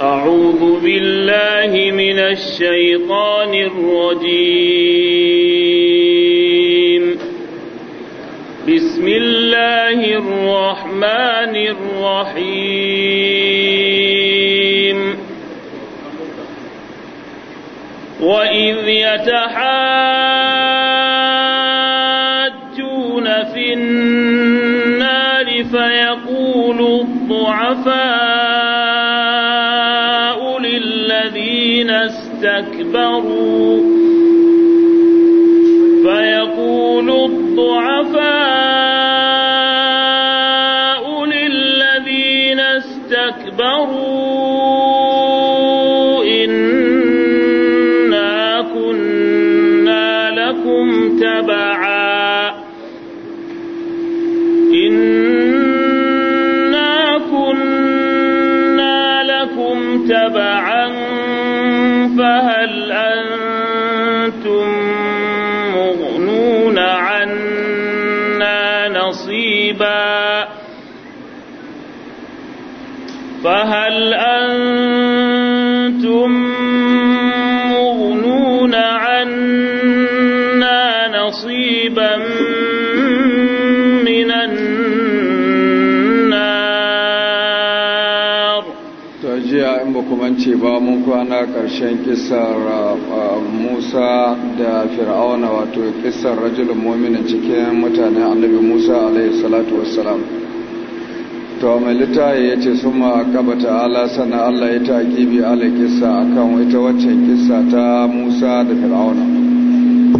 أعوذ بالله من الشيطان الرجيم بسم الله الرحمن الرحيم وإذ يتحاجون في النار فيقول الضعفاء أكبر ce ba mun kwana ƙarshen kisar ah, musa da fir'auna wato kisar rajulun mominin cikin mutanen annabi musa alaihi salatu wassalam to mai littaye ya ce sun kaba ta'ala sana allah ya ta gibi ala kisa kan ita waccan kisa ta musa da fir'auna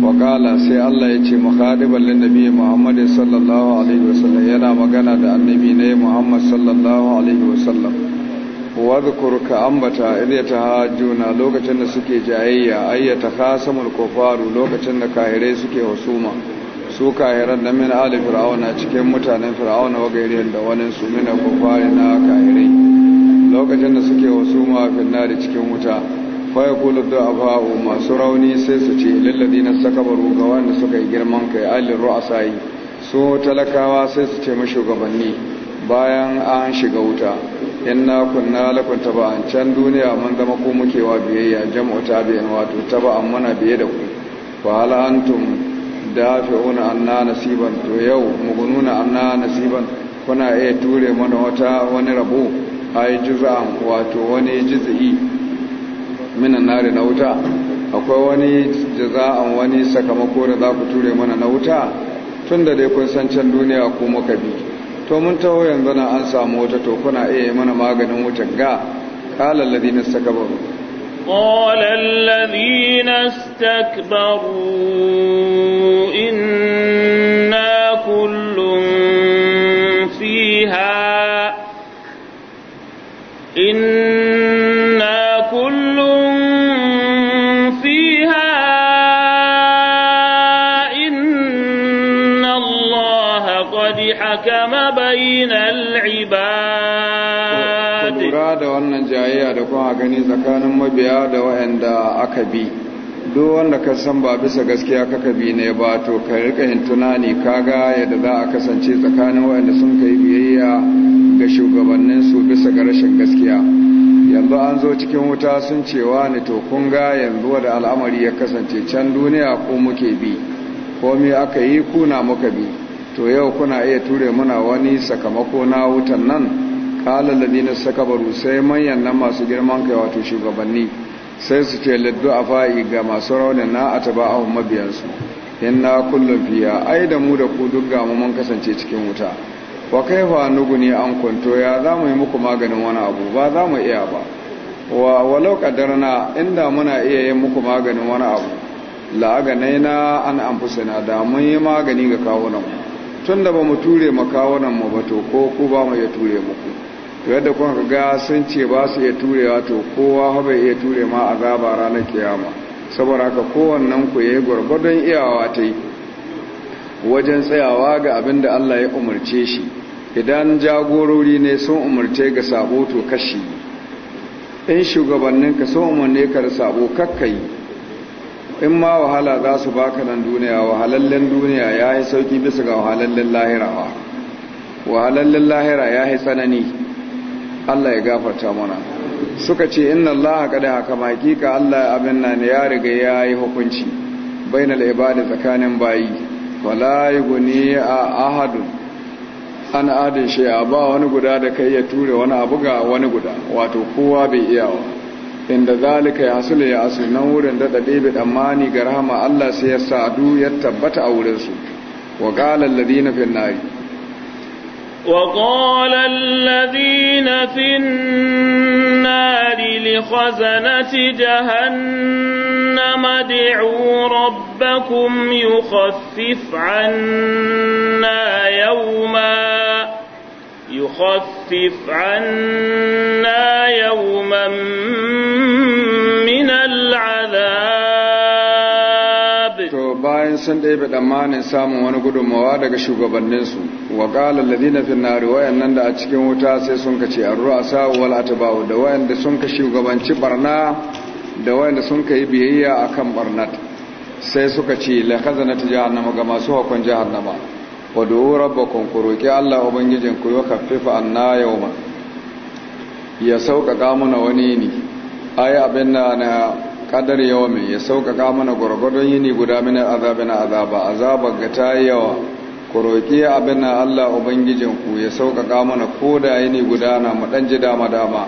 wakala sai allah ya ce mukhadiban linnabi muhammad sallallahu alaihi wasallam yana magana da annabi ne muhammad sallallahu alaihi wasallam Wa wadhkur ka ambata ta idh na lokacin da suke jayayya ayyata khasamul kufaru lokacin da kahirai suke husuma su kahiran da min ali fir'auna cikin mutanen fir'auna wa gairiyan da wani su min kufari na kahirai lokacin da suke husuma da cikin wuta fa yaqulu du'afa'u masu rauni sai su ce lil ladina sakabaru ga wanda suka yi girman kai alil ru'asai su talakawa sai su ce mashugabanni bayan an shiga wuta inna kunna lakum taba'an can duniya mun zama ko muke wa biyayya jam'u tabi'in wato taba'an mana biye da ku fa hal antum dafi'una anna nasiban to yau mugununa anna nasiban kuna iya ture mana wata wani rabo ai juz'an wato wani juz'i minan nari na wuta akwai wani jaza'an wani sakamako da za ku ture mana na wuta Tunda dai kun san can duniya ko muka bi to mun taho yanzu na an samu wata to kuna iya yi mana maganin wutan ga qala alladhina istakbaru qala alladhina istakbaru inna kullun fiha mabiya da wa'anda aka bi duk wanda ka san ba bisa gaskiya kaka bi ne ba to ka rika yin tunani kaga yadda za a kasance tsakanin wayanda sun kai biyayya ga shugabannin su bisa ga rashin gaskiya yanzu an zo cikin wuta sun cewa ne to kun ga yanzu da al'amari ya kasance can duniya ko muke bi ko me aka yi kuna muka bi to yau kuna iya ture muna wani sakamako na wutan nan qala saka sakabaru sai manyan nan masu girman kai wato shugabanni sai su ce a fai ga masu raunin na hun mabiyansu na kullum fiya ai da mu da ku duk ga mu mun kasance cikin wuta wa kai kaifa nuguni an kwanto ya za mu yi muku maganin wani abu ba za mu iya ba wa walau na inda muna iya yin muku maganin wani abu na an anfusina da mun yi magani ga kawunan mu tunda ba mu ture makawunan kawunanmu mu ba to ko ku ba mu yi ture muku yadda kuka ga sun ce ba su iya turewa to kowa haɓe iya ture ma a zaba ranar kiyama saboda haka kowannan ku yi gwargwadon iyawa ta yi wajen tsayawa ga abin da Allah ya umarce shi idan jagorori ne sun umarce ga sabo to kashi in shugabannin ka sun umarne ka da sabo kakkai in ma wahala za su baka nan duniya wahalallen duniya ya yi sauki bisa ga wahalallen lahirawa wahalallen lahira ya yi tsanani Allah ya gafarta mana suka ce inna Allah kada haka hakika Allah abin nan ya riga ya yi hukunci bainal ibada tsakanin bayi wala a ahadun an adin shi a ba wani guda da kai ya ture wani abu ga wani guda wato kowa bai iyawa inda zalika ya hasula ya asu nan wurin da dade bi ga rahama Allah sai ya sa du ya tabbata a wurin su wa qala alladhina fin nari وقال الذين في النار لخزنة جهنم ادعوا ربكم يخفف عنا يوما يخفف عنا يوما sun yi tsammanin samun wani gudunmawa daga shugabanninsu wa ƙalar ladina finnari wayannan da a cikin wuta sai sun ce a ruwa sa'uwal atabawu da wayanda sun ka shugabanci barna da wayanda sun ka yi biyayya a kan barnat sai suka ce lakaza na ta ga masu hakon jahannama wa do'u rabbakun allah ubangijin ku yau kafifa an yau ma ya sauƙaƙa muna wani ne ai abin na kadar yawa ya sauƙaƙa mana gwargwadon yini guda mini azabi azaba azaba ga ta yawa ku roƙi abin na Allah Ubangijinku ya sauƙaƙa mana ko da yini guda na mu ɗan ji dama dama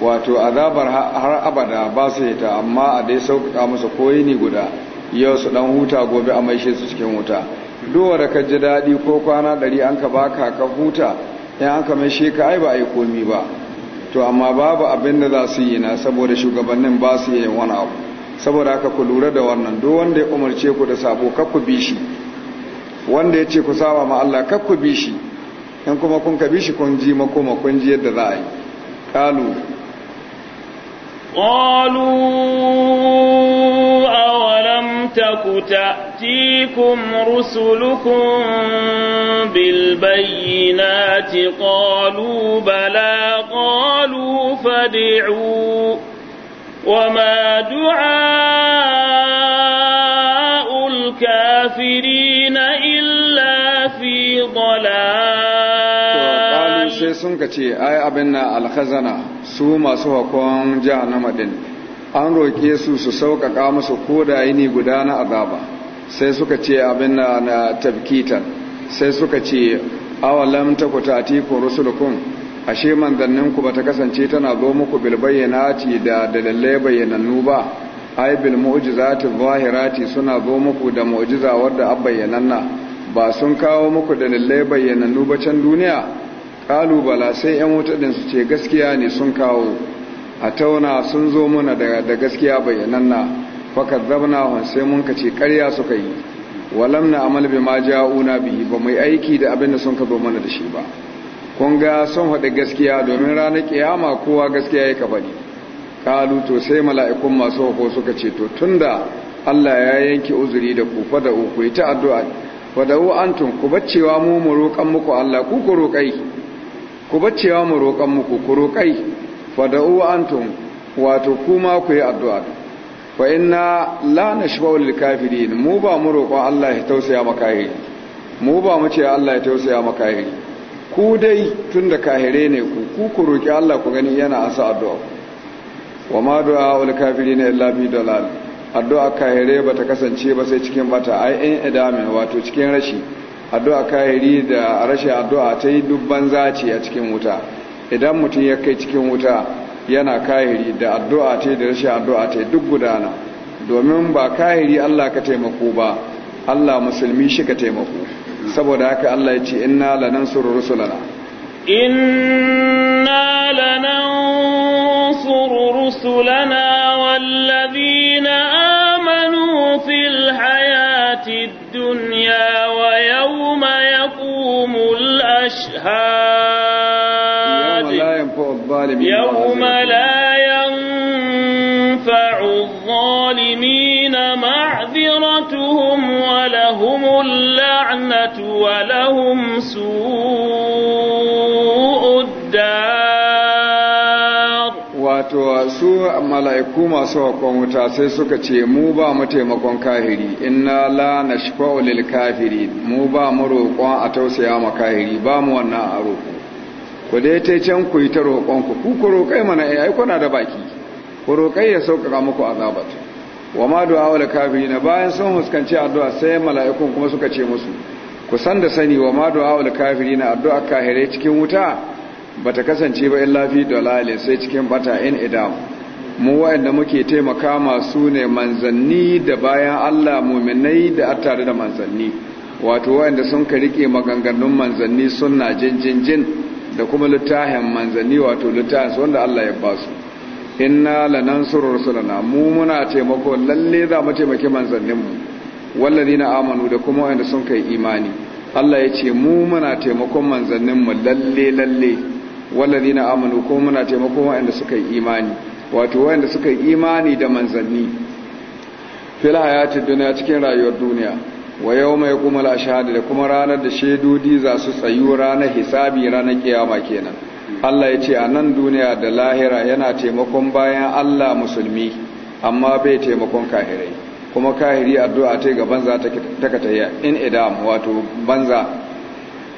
wato azabar har abada ba su yi ta amma a dai sauƙaƙa musu ko yini guda yau su ɗan huta gobe a maishe su cikin wuta duwa da ka ji daɗi ko kwana ɗari an ka baka ka huta in an ka mai ai ba a yi komi ba to amma babu abin da za su yi na saboda shugabannin ba su yin wani abu saboda haka ku lura da wannan duk wanda ya umarce ku da sabo kakku bi shi wanda ya ce ku saba ma Allah kakku bi shi in kuma kun ka bi shi kun ji makoma kun ji yadda za a yi kalu qalu الحق تأتيكم رسلكم بالبينات قالوا بلى قالوا فادعوا وما دعاء الكافرين إلا في ضلال قالوا شيء سنكتي أي أبنا الخزنة سوما سوى كون جهنم دين an roƙe su su sauƙaƙa musu ko da yini guda na azaba sai suka ce abin na na tabkitan sai suka ce awalam ta tatikum rusulukum ashe manzanninku bata kasance tana zo muku bil bayyanati da dalilai bayanannu ba ai bil mu'jizati zahirati suna zo muku da mu'jiza wadda abbayyananna ba sun kawo muku dalilai bayyanannu ba can duniya kalu bala sai yan wuta su ce gaskiya ne sun kawo a tauna sun zo mana da gaskiya na fakar zabna sai mun ka ce karya suka yi walam na amal bi ma ja'una bihi ba mai aiki da abin da sun ka zo mana da shi ba kun ga sun haɗe gaskiya domin ranar kiyama kowa gaskiya ya ne kalu to sai mala'ikun masu hako suka ce to tunda Allah ya yanke uzuri da ku fada uku, yi ta addu'a fada'u antum ku baccewa mu mu roƙan muku Allah ku ku roƙai ku baccewa mu roƙan muku ku roƙai fada'u antum wato kuma ku yi addu'a fa inna la nashba'u lil kafirin mu ba mu roƙon Allah ya tausaya maka yi mu ba mu ce Allah ya tausaya maka yi ku dai tunda kahire ne ku ku ku roki Allah ku gani yana asa addu'a wa ma du'a ul kafirin illa bi dalal addu'a kahire bata kasance ba sai cikin bata ai in idame wato cikin rashi addu'a kahiri da rashin addu'a ta yi dubban zaci a cikin wuta idan mutum ya kai cikin wuta yana kahiri da addu'a ta da rashin addu'a ta duk gudana domin ba kahiri Allah ka taimako ba Allah musulmi shi ka taimako saboda haka Allah ya ce inna lanansuru rusulana inna lanansuru rusulana wallazina amanu fil hayati dunya wa yawma yaqumul ashhad الظالمين يوم لا ينفع الظالمين معذرتهم ولهم اللعنة ولهم سوء الدار wato su mala'iku masu hakon wuta sai suka ce mu ba mu taimakon kahiri inna la nashfa'u lil kafiri mu ba mu roƙon a tausaya ma kahiri ba mu wannan a roƙo ku dai ta can ku yi ta roƙonku ku ku roƙai mana yi eh, kuna da baki ku roƙai ya sauƙaƙa muku zabat wa ma du'a kafiri na bayan sun huskanci addu'a sai mala'ikun kuma suka ce musu ku san da sani wa ma du'a kafiri na addu'a kahire cikin wuta bata kasance ba illa fi dalale sai cikin bata in idam mu waɗanda muke taimaka masu ne manzanni da bayan Allah mu'minai da attare da manzanni wato waɗanda sun ka rike maganganun manzanni suna jinjinjin jin da kuma littafin manzanni wato littafin su wanda Allah ya ba su inna lanansuru rusulana mu muna taimako lalle za mu taimaki manzannin mu wallazina amanu da kuma wanda sun kai imani Allah ya ce mu muna taimakon manzannin mu lalle lalle wallazina amanu kuma muna taimakon wanda suka yi imani wato wanda suka yi imani da manzanni fil hayatid dunya cikin rayuwar duniya wa yau mai kuma lashahadi da kuma ranar da shaidodi za su tsayu ranar hisabi ranar kiyama kenan Allah ya ce a nan duniya da lahira yana taimakon bayan Allah musulmi amma bai taimakon kahirai kuma kahiri addu'a ta ga banza ta kataya in idam wato banza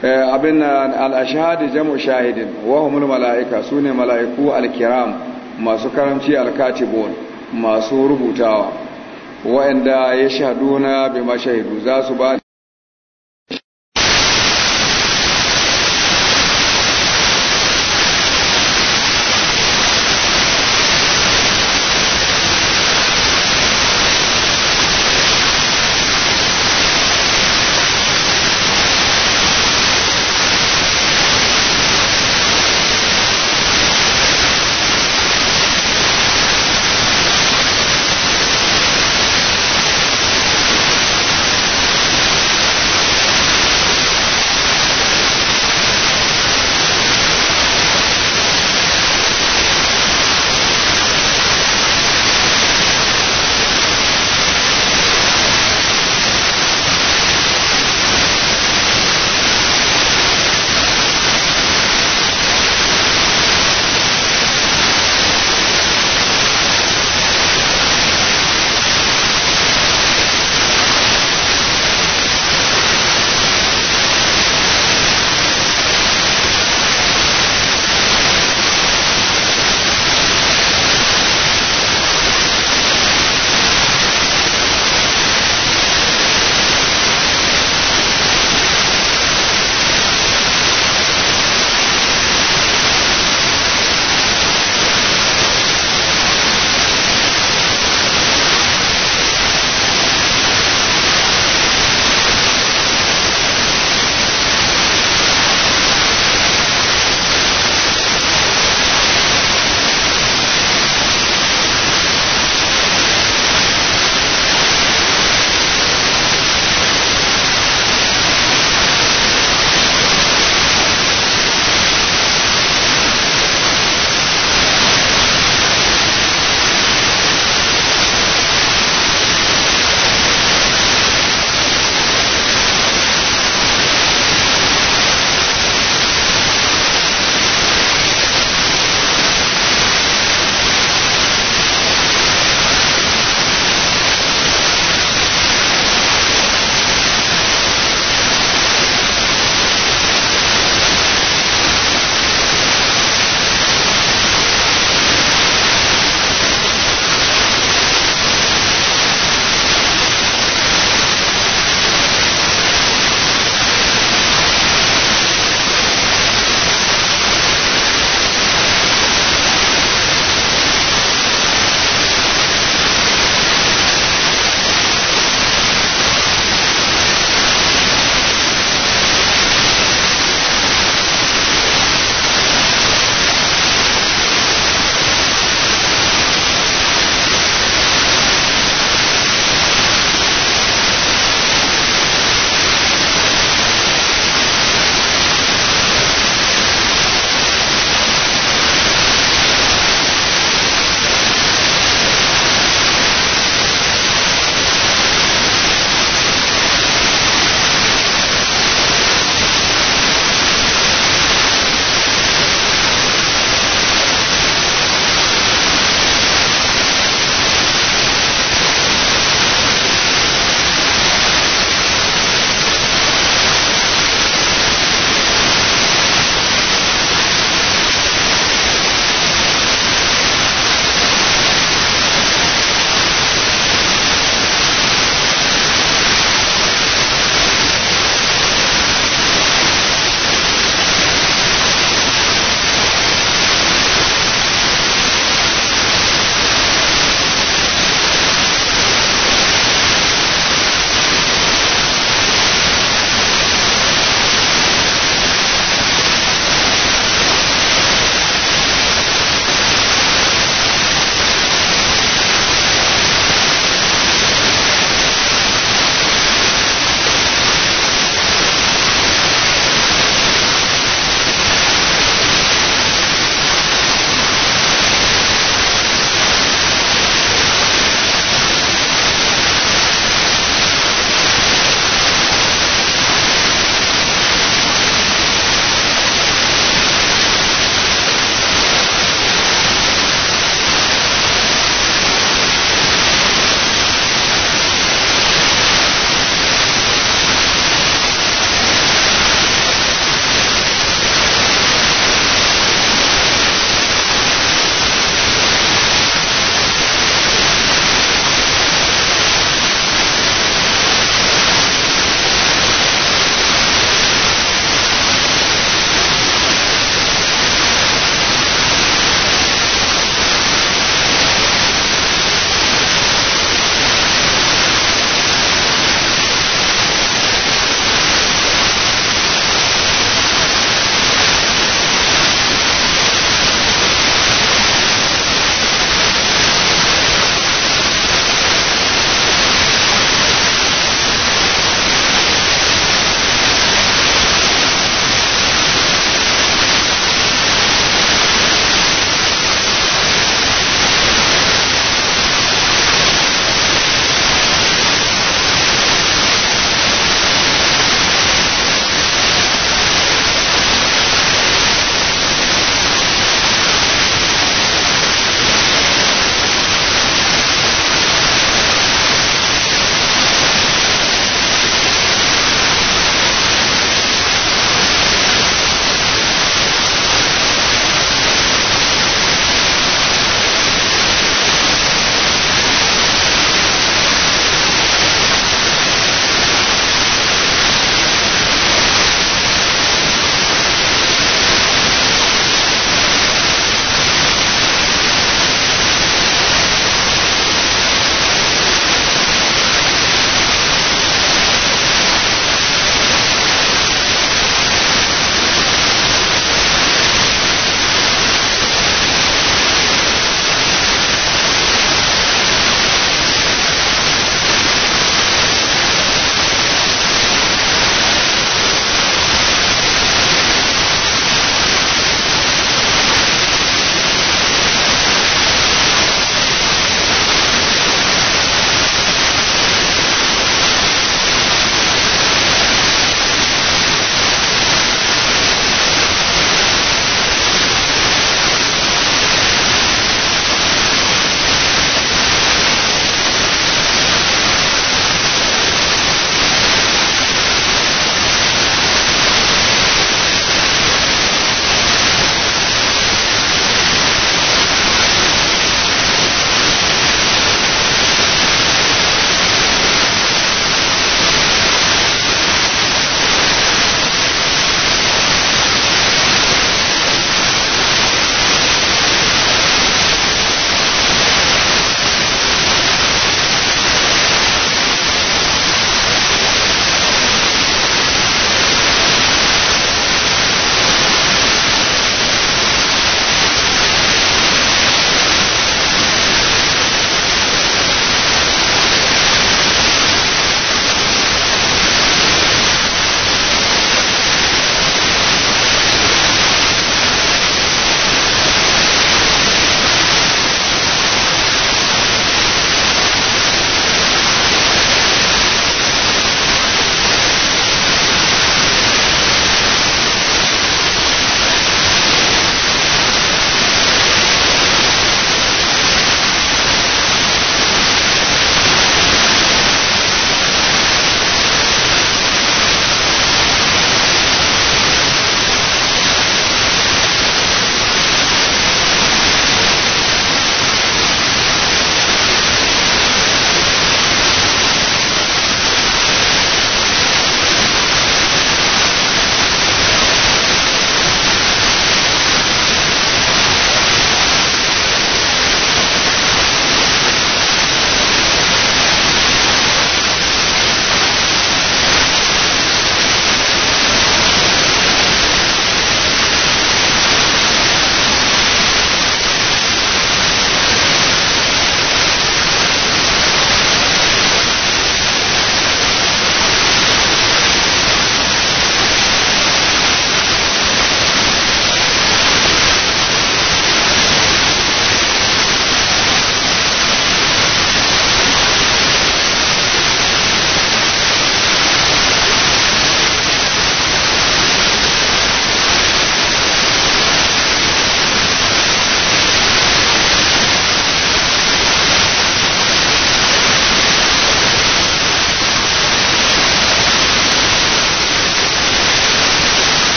eh, abin na al'ashahadi jam'u shahidin wahumul mala'ika mala'ika ne mala'iku alkiram masu karamci al masu rubutawa wa'anda ya shahaduna bi ma shahidu za su ba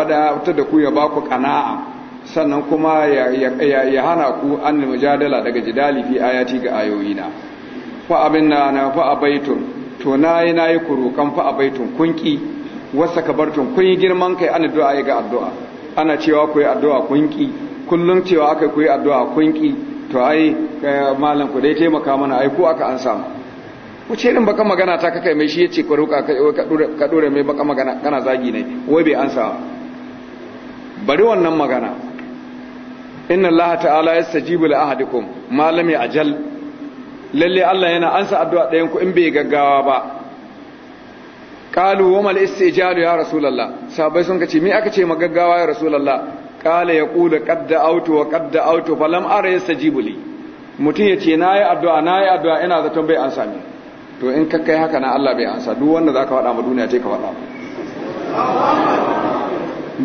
wadatar da ku ya ba ku ƙana'a sannan kuma ya hana ku an mujadala daga jidali fi ayati ga na fa abin na na fa abaitun to nayi nayi kuro kan fa abaitun ki wasa bartun kun yi girman kai an addu'a ga addu'a ana cewa ku yi addu'a ki kullum cewa aka ku yi addu'a ki to ai eh, malam ku dai taimaka mana ai ko aka an samu wuce din baka magana ta kakai mai shi ya ce ka roƙa ka ɗora mai baka magana kana zagi ne wai bai ansa bari wannan magana inna allaha ta'ala yastajibu li ahadikum malami ajal lalle Allah yana ansa addu'a ɗayan ku in bai gaggawa ba qalu wa mal istijalu ya rasulullah sahabbai sun kace me aka ce magaggawa ya rasulullah qala yaqulu qad da'awtu wa qad da'awtu falam ara yastajibu li mutum yace nayi addu'a nayi addu'a ina zaton bai ansa ni to in kakkai haka na Allah bai ansa duk wanda zaka faɗa ma duniya ce ka faɗa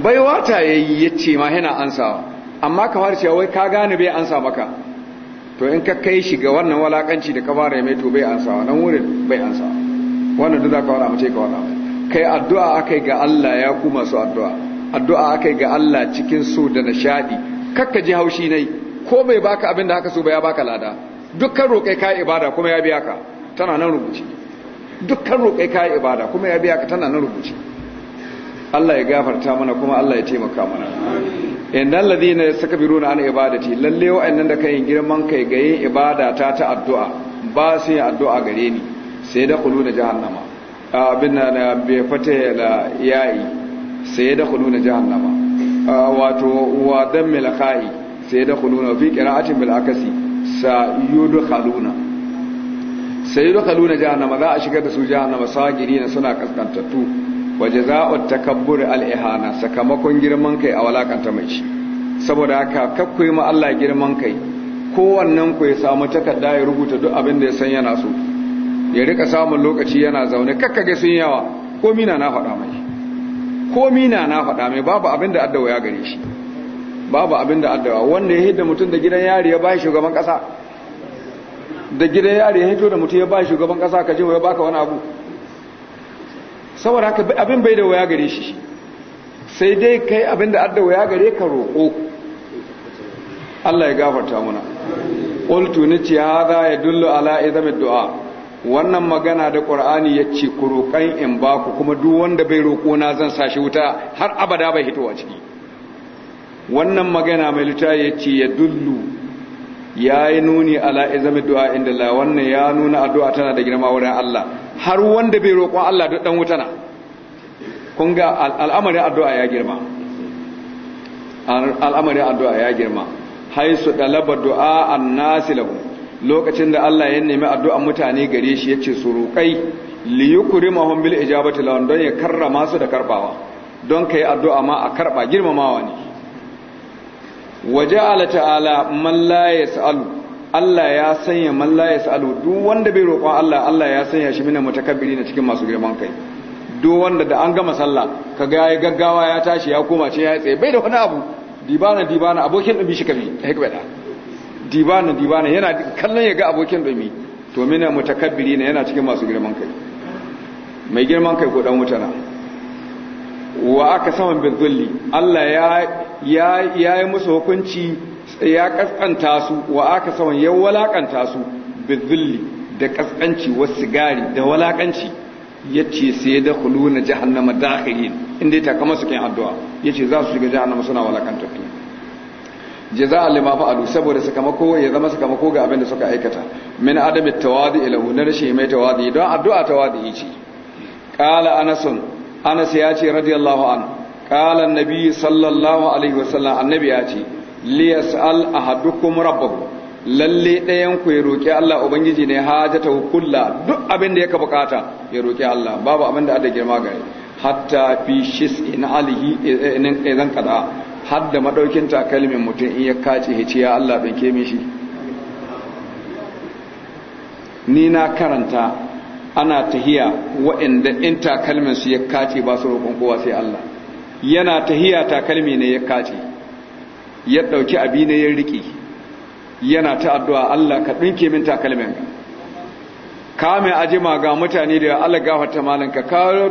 Bai wata ya yi ya ce ma yana ansawa amma kamar fara cewa wai ka gane bai ansa maka to in ka kai shi ga wannan walakanci da ka ya mai to bai ansawa nan wurin bai ansa. wannan duk za ka fara mace ka mai kai addu'a akai ga Allah ya ku masu addu'a addu'a akai ga Allah cikin so da nishadi kakka ji haushi nai ko bai baka abin da haka so ba ya baka lada dukkan roƙai ka ibada kuma ya biya ka tana nan rubuce dukkan roƙai ka ibada kuma ya biya ka tana nan rubuce Allah ya gafarta mana kuma Allah ya taimaka mana innal ladina yastakbiruna an ibadati lalle wa'annan da kai girman kai ga yin ibada ta ta addu'a ba su yin addu'a gare ni sai da khuluna jahannama abin na bi fata la yayi sai da khuluna jahannama wato wa dam milqai sai da khuluna fi qira'atin bil akasi sa yudkhaluna sai yudkhaluna jahannama za a shigar da su jahannama sagirina suna kaskantattu waje za'ud takabbur al'ihana sakamakon girman kai a walakanta mai shi saboda haka kakku ma Allah girman kai kowannen ku ya samu takarda ya rubuta duk abin da ya san yana so ya rika samun lokaci yana zaune kakkage sun yawa ko mina na faɗa mai ko mina na faɗa mai babu abin da addawa ya gare shi babu abin da addawa wanda ya hidda mutum da gidan yari ya bashi shugaban kasa da gidan yari ya hito da mutum ya bashi shugaban kasa ka je ya baka wani abu saboda haka abin bai da waya gare shi sai dai kai abin da adda waya gare ka roƙo Allah ya gafarta muna qultu ce hada ya dullu ala idam du'a wannan magana da qur'ani yace ku roƙan in ba ku kuma duk wanda bai roƙo na zan sashi wuta har abada bai hitowa ciki wannan magana mai ya yace ya dullu ya yi nuni ala izami du'a inda Allah wannan ya nuna addu'a tana da girma wurin Allah har wanda bai roƙon Allah duk dan wutana kun ga al'amarin addu'a ya girma al'amarin addu'a ya girma haisu dalaba du'a annasi lahu lokacin da Allah ya nemi addu'an mutane gare shi yace su roƙai li yukrimahum bil ijabati lahum don ya karrama su da karbawa don kai addu'a ma a karba girmamawa ne waja'ala ta'ala man la yas'alu Allah ya sanya man la yas'alu duk wanda bai roƙon Allah Allah ya sanya shi mina mutakabbiri na cikin masu girman kai duk wanda da an gama sallah kaga yayi gaggawa ya tashi ya koma ce ya tsaye bai da wani abu dibana dibana abokin dubi shi kame hikbada dibana dibana yana kallon ya ga abokin dubi to mina mutakabbiri na yana cikin masu girman kai mai girman kai ko dan mutana wa aka saman dhulli Allah ya ya yi musu hukunci ya kaskanta su wa aka sawan ya walakanta su bizulli da kaskanci wasu gari da walakanci ya ce sai da hulu na jahannama yi inda ya kama su kin addu'a ya ce za su shiga jahannama suna za a lima fa'adu saboda sakamako ya zama sakamako ga abin da suka aikata min adami tawadi lahu na rashin mai tawadi don addu'a tawadi ce ƙala anasun anas ya ce radiyallahu anu qala annabi sallallahu alaihi wasallam annabi ya ce liyas'al ahadukum rabbahu lalle ɗayan ku ya roki Allah ubangiji ne hajatahu kulla duk abin da yake bukata ya roki Allah babu abin da ada girma gare hatta fi shis in alihi zan kada hadda madaukin takalmin mutum in ya kace hice ya Allah ban ke mishi ni na karanta ana tahiya waɗanda in takalmin su ya kace ba su roƙon kowa sai Allah yana tahiya takalmi ne ya kace ya dauki abi ne ya riki yana ta addu'a Allah ka dinke min takalmin ka mai ajima ga mutane da Allah gafarta malinka ka kawo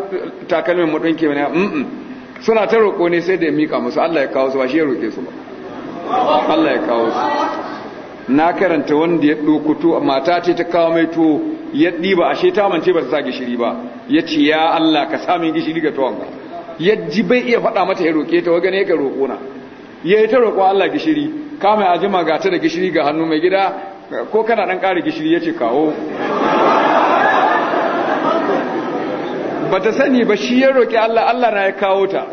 takalmin mu dinke min mm suna ta roko ne sai da ya mika musu Allah ya kawo su ba shi ya roke su ba Allah ya kawo su na karanta wanda ya dokuto mata ce ta kawo mai tuwo ya diba ashe ta mance ba ta sa gishiri ba ya ce ya Allah ka min gishiri ga tuwon ka Yaji bai iya faɗa mata ya roƙe ta wagane ka roƙo na ya yi ta roƙo Allah gishiri kama ya jima gata da gishiri ga hannu mai gida ko kana ɗan ƙara gishiri ya ce kawo ba ta sani ba shi ya roƙi Allah Allah na ya kawo ta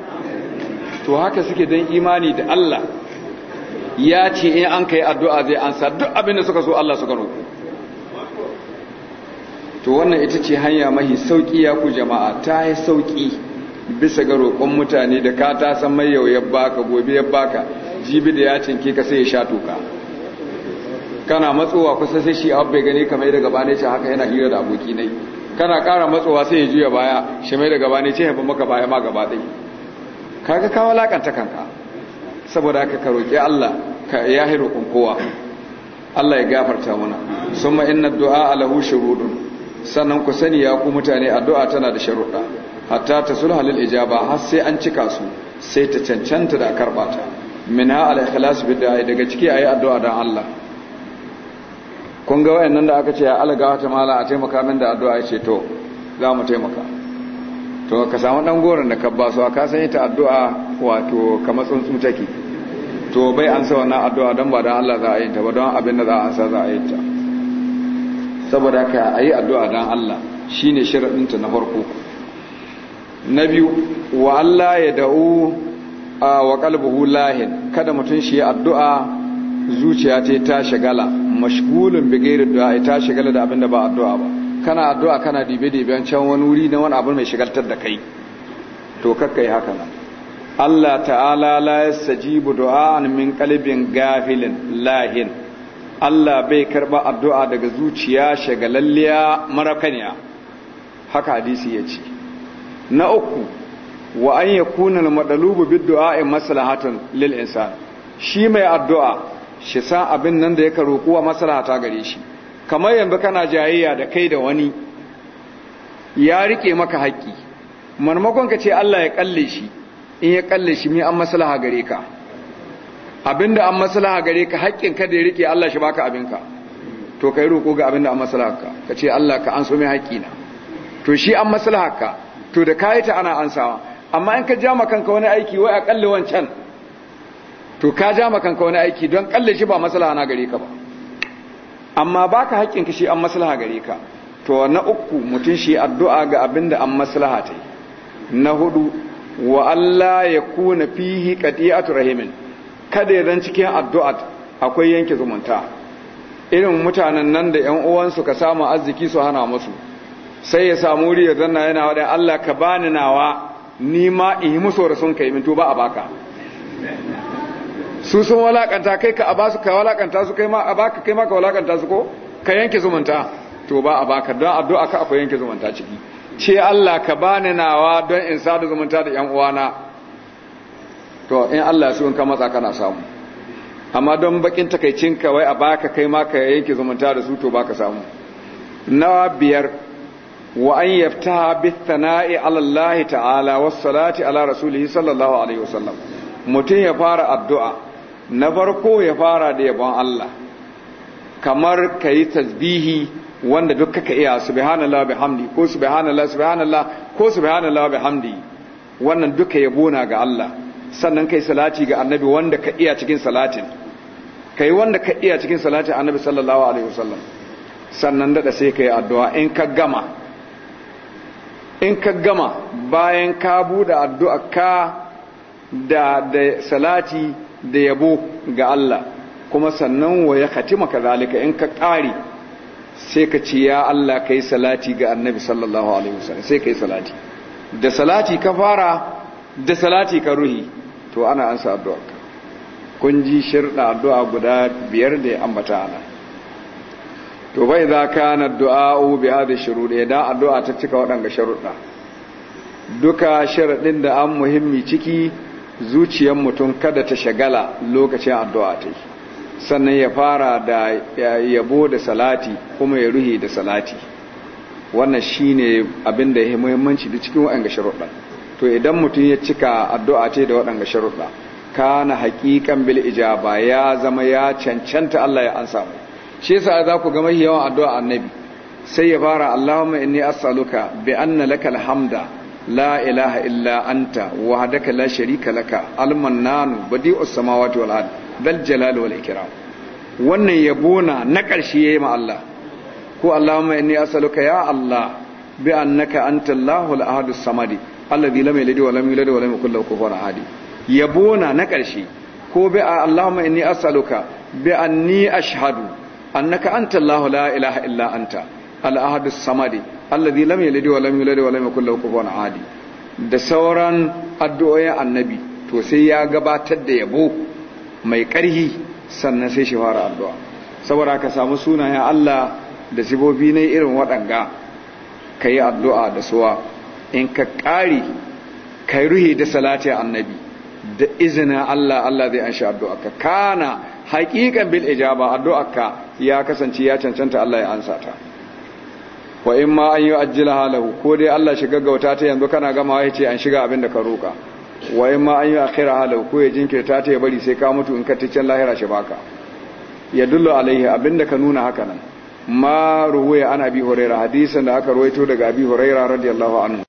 to haka suke don imani da Allah ya ce in an kai addu'a zai ansa duk abin da suka so Allah suka roƙo to wannan ita ce hanya mahi sauƙi ya ku jama'a ta yi sauƙi bisa ga roƙon mutane da ka ta san mai yau ya baka gobe ya baka jibi da ya cinke ka sai ya sha toka kana matsowa kusa sai shi abu bai gane kamar daga bane ce haka yana hira da aboki nai kana ƙara matsowa sai ya juya baya shi mai daga bane ce haifin maka baya ma gaba ɗai kaga ka walakanta kanka saboda haka ka roƙi Allah ka yahi roƙon kowa Allah ya gafarta mana summa inna du'a lahu rudun sannan ku sani ya ku mutane addu'a tana da sharuɗa hatta ta sulha lil ijaba har sai an cika su sai ta cancanta da karba ta minha al ikhlas bi da'i daga ciki ayi addu'a dan Allah kun ga wayannan da aka ce ya alga ta mala a taimaka min da addu'a ce to za mu taimaka to ka samu dan goron da ka so ka san sanya ta addu'a wato kamar tsuntsu take to bai an sa wannan addu'a don ba dan Allah za a yi ta ba don abin da za a ansa za a yi ta saboda ka ayi addu'a don Allah shine sharadin ta na farko na biyu wa Allah ya da'u wa kalbuhu lahin kada mutum shi yi addu'a zuciya ta ta shagala mashgulun bi da du'a ta shagala da abinda ba addu'a ba kana addu'a kana dibe dibe can wani wuri na wani abin mai shigaltar da kai to kakkai haka nan Allah ta'ala la yastajibu du'an min qalbin gafilin lahin Allah bai karba addu'a daga zuciya shagalalliya marakaniya haka hadisi yace na uku wa an yi kunan madalubu bid in maslahatun lil insan shi mai addu'a shi san abin nan da yake roƙuwa ta gare shi kamar yanzu kana jayayya da kai da wani ya rike maka haƙƙi marmakon ka ce Allah ya kalle shi in ya kalle shi mi an maslaha gare ka abinda an maslaha gare ka haƙƙin ka da ya rike Allah shi baka abinka to kai roƙo ga abinda an maslaha ka ka ce Allah ka an so mai na. to shi an maslaha ka to da kayi ta ana ansawa amma in ka ja kanka wani aiki wai a wancan to ka ja kanka wani aiki don kalle shi ba maslaha na gare ka ba amma baka haƙƙin ka shi an maslaha gare ka to na uku mutum shi addu'a ga abin da an maslaha ta na hudu wa Allah ya kuna fihi qati'atu rahimin kada ya zan cikin addu'a akwai yanke zumunta irin mutanen nan da ƴan uwansu ka samu arziki su hana musu sai ya samu wuri ya zanna yana wadai Allah ka bani nawa ni ma in yi musu da sun kai mintu to ba a baka su sun walakanta kai ka abasu ka walakanta su kai ma a baka kai ma ka walakanta su ko ka yanke zumunta to ba a baka don addu'a ka akwai yanke zumunta ciki ce Allah ka bani nawa don in da zumunta da yan uwana to in Allah su in ka matsa kana samu amma don bakin takaicin ka wai a baka kai ma ka yanke zumunta da su to baka samu na biyar wa an yaftaha bit thana'i ala Allah ta'ala was salati ala rasulihi sallallahu alaihi wasallam mutum ya fara addu'a na farko ya fara da yabon Allah kamar kai tasbihi wanda duk kaka iya subhanallahi bihamdi ko subhanallahi subhanallah ko subhanallahi bihamdi wannan duka yabo na ga Allah sannan kai salati ga annabi wanda ka iya cikin salatin kai wanda ka iya cikin salatin annabi sallallahu alaihi wasallam sannan dada sai kai addu'a in ka gama in ka gama bayan ka buɗe addu'a ka da salati da yabo ga Allah kuma sannan wa ya khatima kazalika in ka ƙari sai ka ce ya Allah ka yi salati ga annabi sallallahu alaihi wasallam sai ka yi salati da salati ka fara da salati ka ruhi to ana ansa addu'a ka. kun ji shirɗa addu'a guda biyar da ya ambata ana to bai za ka na du'a'u bi hadhihi shurud idan addu'a ta cika waɗanga sharuɗa duka sharaɗin da an muhimmi ciki zuciyar mutum kada ta shagala lokacin addu'a ta sannan ya fara da yabo da salati kuma ya ruhi da salati wannan shine abin da ya muhimmanci da cikin waɗanga sharuɗa to idan mutum ya cika addu'a ta da waɗanga sharuɗa kana haƙiƙan bil ijaba ya zama ya cancanta Allah ya ansa mu shi yasa za ku ga mahi yawan addu'a annabi sai ya fara Allahumma inni as'aluka bi anna lakal hamda la ilaha illa anta wahdaka la sharika laka al-mannanu badi'us samawati wal ard dal jalali wal ikram wannan yabona na ƙarshe yayi ma Allah ko Allahumma inni as'aluka ya Allah bi annaka anta Allahul ahadus samadi alladhi lam yalid wa lam yulad wa lam yakul lahu kufuwan ahad yabona na ƙarshe ko bi Allahumma inni as'aluka bi anni ashhadu annaka anta Allahu la ilaha illa anta al ahad samadi alladhi lam yalid wa lam yulad wa lam yakul lahu kufuwan ahad da sauran addu'o'in annabi to sai ya gabatar da yabo mai karhi sannan sai shi fara addu'a saboda ka samu sunayen Allah da sibobi ne irin waɗanga ka addu'a da suwa in ka ƙari kai ruhi da salati annabi da izinin Allah Allah zai an addu'a ka kana haƙiƙan bil ijaba ka ya kasance ya cancanta Allah ya ansa ta wa in ma an yu'ajjila halahu ko dai Allah shi gaggauta ta yanzu kana gama ya ce an shiga abin da ka roka wa in ma an yu'akhira halahu ko ya jinkirta ta ya bari sai ka mutu in ka tace lahira shi baka ya dullu alaihi abin da ka nuna haka nan ma ruwaya an abi huraira hadisin da aka ruwaito daga abi huraira radiyallahu anhu